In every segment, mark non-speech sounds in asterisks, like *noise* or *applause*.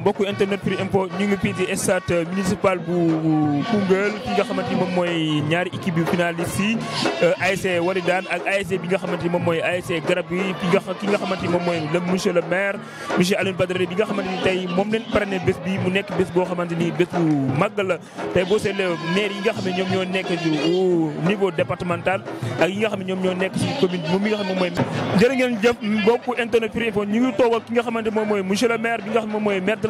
mbokku internet Firi Info ñu ngi fii di municipal bu Koungheul ki nga xamante mom moy mooy ñaari équipe yu finaliste yi euh, ASC Walidane ak ASC bi nga xamante mom moy mooy ASC Garab yi ki nga ki nga xamante mom moy le monsieur le maire monsieur Aline Badara bi nga xamante tay mom moom leen parrainé bés bi mu nekk bés bo xamante ni bés bu màgg la tey boo seetlee maire yi nga xam ñom ñoo nekk au niveau départemental ak yi nga xam ñom ñoo nekk ci commune moom mi nga xam ne moom jërë ngeen jëf mbokku internet Firi Info ñu ngi toog ki nga xamante mom moy monsieur le maire bi nga xam mom moy maire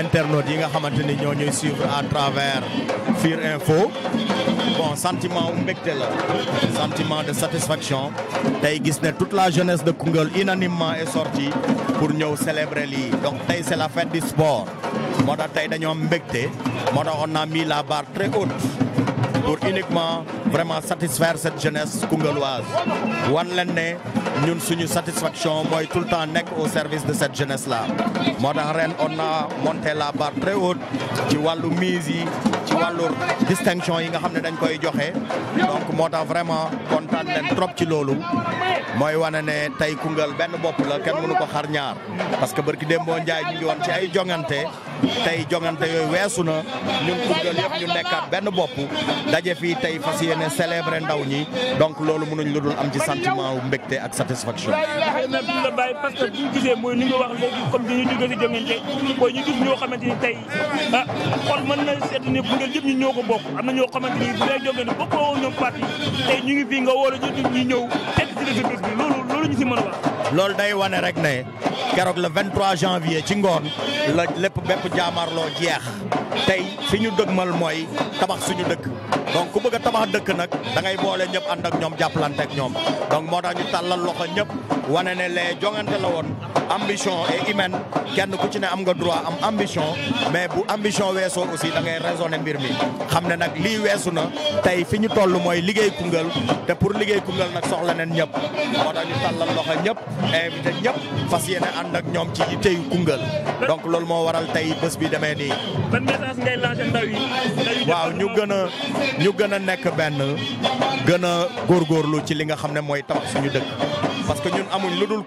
internautes yi nga xamanteni nous ñoo ñuy suivre à travers Fir Info bon sentiment sentiment de satisfaction tay gis toute la jeunesse de Kungel unanimement est sortie pour nous célébrer lii donc c'est la fête du sport moo on a mis la barre très haute pour uniquement vraiment satisfaire cette jeunesse kungeloise wan ñun suñu satisfaction mooy tout le temps nekk au service de cette jeunesse la moo tax ren on na monté la barre très ci wàllu mise yi ci wàllu distinction yi nga xam ne dañ koy joxe donc moo tax vraiment kontaan leen trop ci loolu mooy wane ne tey Koungheul benn bopp la kenn mënu ko xar ñaar parce que barki démboo Njaay ñu ngi ci ay jongante tey jongante yooyu weesu na ñun kuréel yëpp ñu nekkaat benn bopp daje fii tey fa fas yéene célébrer ndaw ñi donc loolu mënuñ lu dul am ci sentiment mbégte ak satisfaction. na du la bàyyi parce mooy ni nga wax léegi comme dañuy jógee si jongante mooy ñu gis ñoo xamante ni tey ah xol mën na seet ne kuréel yëpp ñu ñoo ko bokk am na ñoo xamante ni bu dee jongante bokkoo woon ñoom parti tey ñu ngi fii nga wóor a ñu ñëw teg ci réseau bi loolu. la loolu day wane rek ne keroog le 23 janvier ci ngoon la lépp bépp jaamarloo jeex tey fi ñu dëgmal mooy tabax suñu dëkk donc ku bëgg a tabax dëkk nag da ngay boole ñëpp ànd ak ñoom jàppalante ak ñoom donc moo tax tàllal loxo ñëpp wane ne lee jongante la woon. ambition et humaine kenn ku ci ne am nga droit am ambition mais bu ambition weesoo aussi da ngay mbir mi xam ne nag lii weesu na tey fi ñu toll mooy liggéey Koungheul te pour liggéey Koungheul nag soxla nañ ñëpp moo tax ñu tàllal loxo ñëpp invité ñëpp fas yéene ànd ak ñoom ci teyu Koungheul donc loolu moo waral tey bés bii demee nii. waaw ñu gën a ñu gën a nekk benn gën a góorlu ci li nga xam ne mooy tabax suñu dëkk. parce que nous avons le dul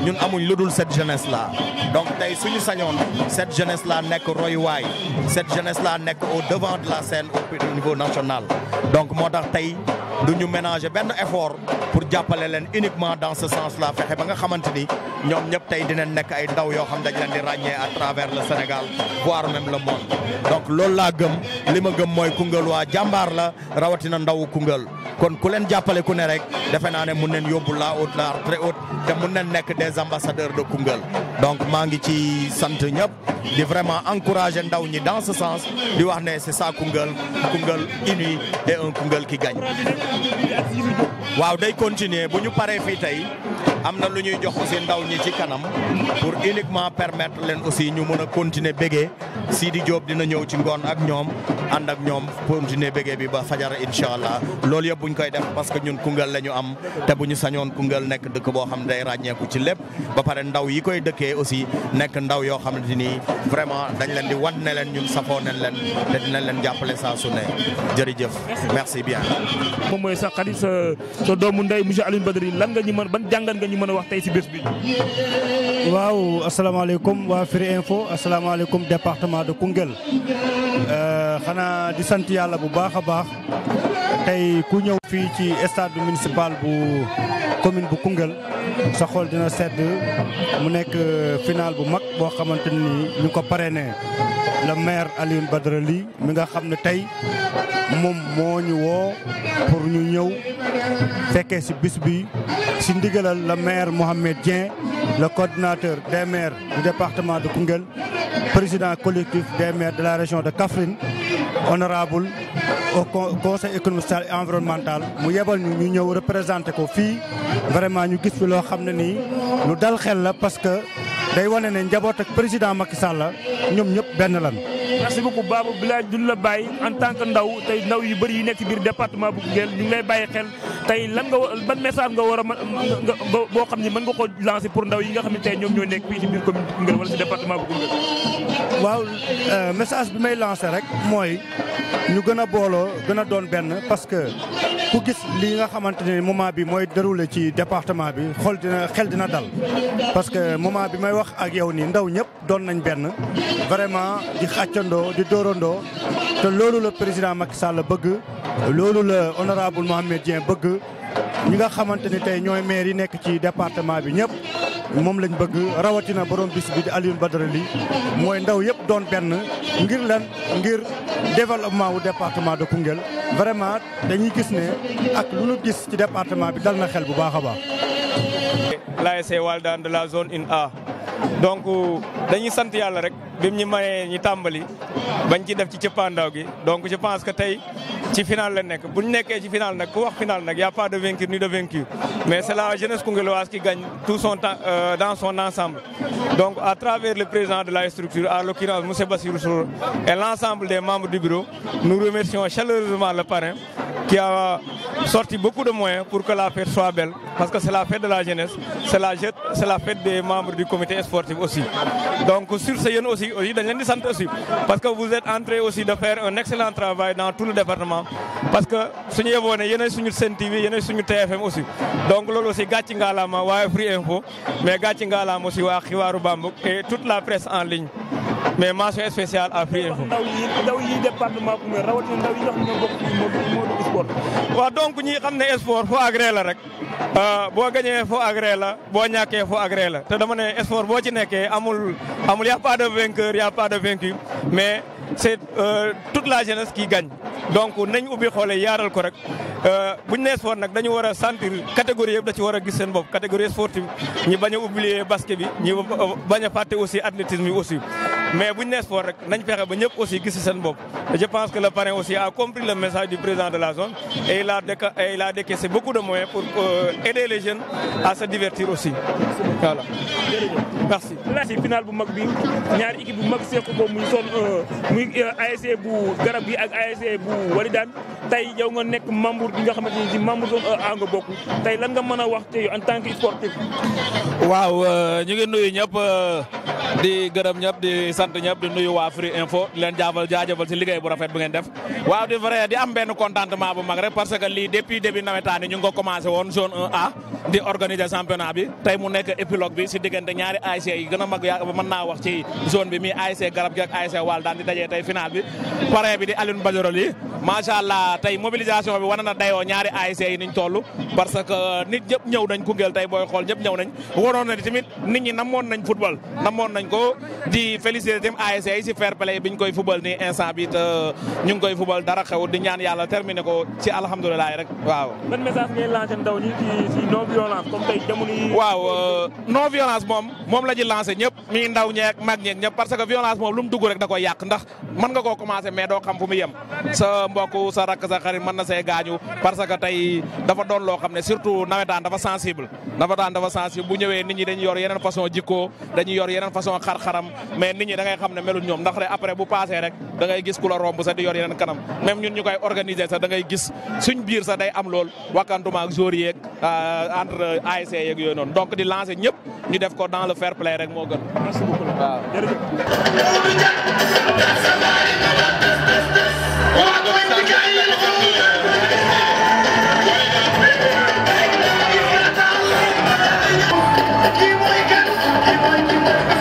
nous ñun cette jeunesse là donc suñu sanyon, cette jeunesse là roy royaume, cette jeunesse là n'est au devant de la scène au niveau national donc moi, tax nous nous ménager d'efforts. effort pour jàppale leen uniquement dans ce sens là fexe ba nga xamante ni ñoom ñëpp tey dinañ nekk ay ndaw yoo xam dañ leen di ràññee à travers le Sénégal voire même le monde donc loolu laa gëm li ma gëm mooy Koungheul waa jàmbaar la rawatina ndaw Koungheul kon ku leen jàppale ku ne rek defe naa ne mun nañ yóbbu laa haute la très haute te mun nañ nekk des ambassadeurs de Koungheul donc maa ngi ci sant ñëpp di vraiment encourager ndaw ñi dans ce sens di wax ne c'est ça Koungheul Koungheul uni et Koungheul qui gagne waaw day continuer bu ñu paree fii tey am na lu ñuy jox aussi ndaw ñi ci kanam pour uniquement permettre leen aussi ñu mën a continuer bégee Sidi Diop dina ñëw ci ngoon ak ñoom ànd ak ñoom continuer béggee bi ba fajar incha allah loolu yëpp buñ koy def parce que ñun Koungheul la ñu am te bu ñu sañoon Koungheul nekk dëkk boo xam ne day ràññeeku ci lépp ba pare ndaw yi koy dëkkee aussi nekk ndaw yoo xamante ni vraiment dañ leen di wan ne leen ñun safoo nañ leen te dinañ leen jàppale saa su ne jërëjëf merci bien moom mooy sa xarit sa sa doomu ndey monsieur Alioune Badara lan nga ñu mën ban jàngat nga ñu mën a wax tey si bés bi waaw asalaamaaleykum waa Firi Info asalaamaaleykum département département de Koungheul euh, xanaa di sant yàlla bu baax a baax tey ku ñëw fii ci stade municipal bu commune bu Koungheul sa xol dina sedd mu nekk euh, final bu mag boo xamante ni ñu ko parrainé le maire Alioune Badara mi nga xam ne tey moom moo ñu woo pour ñu ñëw fekkee si bis bi si ndigalal le maire Mohamed Dieng le coordinateur des maires du département de Koungheul président collectif des maires de la région de kafrin honorable au conseil économique social et environnemental mu yebal ñu ñu ñëw représenté ko fii vraiment ñu gis fi loo xam ne nii lu dal xel la parce que day wane ne njaboot ak président Macky Sall ñoom ñëpp benn lan merci beaucoup Babou Bilal duñ la bàyyi en tant que ndaw tey ndaw yu bëri yi nekk ci biir département bu Koungheul ñu ngi bàyyi xel tey lan nga ban message nga war a nga boo xam ne man nga ko lancer pour ndaw yi nga xam ne tey ñoom ñoo nekk fii ci biir commune bu Koungheul wala ci département bu Koungheul. waaw euh, message bi may lancer rek mooy ñu gën a booloo gën a doon benn parce que. ku gis lii nga xamante ne moment bi mooy déroulé ci département bi xool dina xel dina dal parce que moment bi may wax ak yow nii ndaw ñëpp doon nañ benn vraiment di xàccandoo di dóorandoo te loolu la président Macky Sall bëgg loolu la honorable Mohamed bëgg ñi nga xamante ni tey ñooy maire yi nekk ci département bi ñëpp moom lañ bëgg rawatina borom bis bi di Alioune Badara mooy ndaw yëpp doon benn ngir lan ngir développement wu département de Koungheul vraiment dañuy gis ne ak lu nu gis ci département bi dal na xel bu baax a baax. L'ASC Waldaan de la zone 1A. donc dañuy sante yalla rek bimu ñu maye ñi tambali bañ ci def ci cëppaandaw gi donc je pense que tay ci final la nek bu nekké ci final nak ku wax final nag y' a pas de vainqueur ni de vaincu mais c'est la jeunesse congoloise qui gagne tout son temps euh, dans son ensemble. donc à travers le président de la structure à l'occurrence monsieur Bassirou et l'ensemble des membres du bureau nous remercions chaleureusement le parrain. qui a sorti beaucoup de moyens pour que la fête soit belle, parce que c'est la fête de la jeunesse, c'est la, la, fête des membres du comité sportif aussi. Donc sur ce, a aussi, aussi, aussi, parce que vous êtes entrés aussi de faire un excellent travail dans tout le département, parce que suñu yeboone yéenay suñu y TV a suñu TFM aussi donc là aussi gàcc Lama, Free Info mais gàcc aussi wa et toute la presse en ligne mais mention spéciale à Firi Info. ndaw yi ndaw donc ñi xam ne sport foo agré la rek euh, boo gañee foo agré la boo ñàkkee foo agré la te dama ne sport boo ci nekkee amul amul y' a pas de vainqueur y' a pas mais c' est euh, toute la jeunesse qui gagne donc nañ ubbi xoole yaaral ko rek euh, buñ nee sport nag dañu war a sentir catégorie yëpp da ci war gis seen bopp catégorie sportive ñi bañ a oublier basket bi ñi bañ a fàtte aussi athlétisme bi aussi. mais buñ nee sport rek nañ fexe ba aussi gis sen bop. je pense que le parrain aussi a compris le message du président de la zone et il a et il a décaissé beaucoup de moyens pour euh, aider les jeunes à se divertir aussi voilà merci. La final bu mag bi ñaar équipe bu mag seeku bo muy zone muy euh, ASC bu garab bi ak ASC bu Walidane tay yow nga nek membre bi nga xamanteni di membre zone A nga bokk tey lan nga mëna a wax tey en tant que sportif. waaw euh, ñu ngi nuyu ñëpp di gërëm ñëpp di. sant ñëpp di nuyu waa Firi Info leen jaafal jaajëfal si liggéey bu rafet bu def waaw di vrai di am benn contentement bu mag rek parce que lii depuis début nawetaan ñu ngi ko commencé woon zone 1A di organiser championnat bi tey mu nekk épilogue bi si diggante ñaari ASC yi gën mag yaa mën naa wax ci zone bi mi ASC Garab gi ak ASC Wal daan di dajee tey final bi parrain bi di Alioune Badiorol yi macha allah tey mobilisation bi war na dayoo ñaari ASC yi niñ toll parce que nit ñëpp ñëw nañ Koungheul tey booy xool ñëpp ñëw nañ waroon na tamit nit ñi namoon nañ football namoon nañ ko di féliciter tamit ASC yi si fair play biñ koy football nii instant bi te ñu ngi koy football dara xew di ñaan yàlla terminer ko ci alhamdulilah rek waaw. ban message ngay lancer ndaw ñi ci ci non violence comme tey jamono yi. waaw euh, non violence mom mom la ñuy lancer ñëpp mi ndaw ñeeg mag ñeeg ñëpp parce que violence moom lu mu dugg rek da koy yàq ndax mën nga koo commencer mais doo xam fu mu yem sa mbokk sa rakk sa xarit man na see gaañu parce que tey dafa doon loo xam ne surtout nawetaan dafa sensible nawetaan dafa sensible bu ñëwee nit ñi dañuy yor yeneen façon jikkoo dañuy yor yeneen façon xar mais nit ñi dangay xam ne melul ñoom ndax après bu passé rek dangay gis ku la romb sax di yor yeneen kanam même ñun ñu koy organiser sax da ngay gis suñ biir sax day am lool wakkantuma ak joueurs yeeg euh, entre ASC yeeg yooyu noonu donc di lancer ñëpp ñu def ko dans le fair play rek moo gën waaw Thank *laughs* you.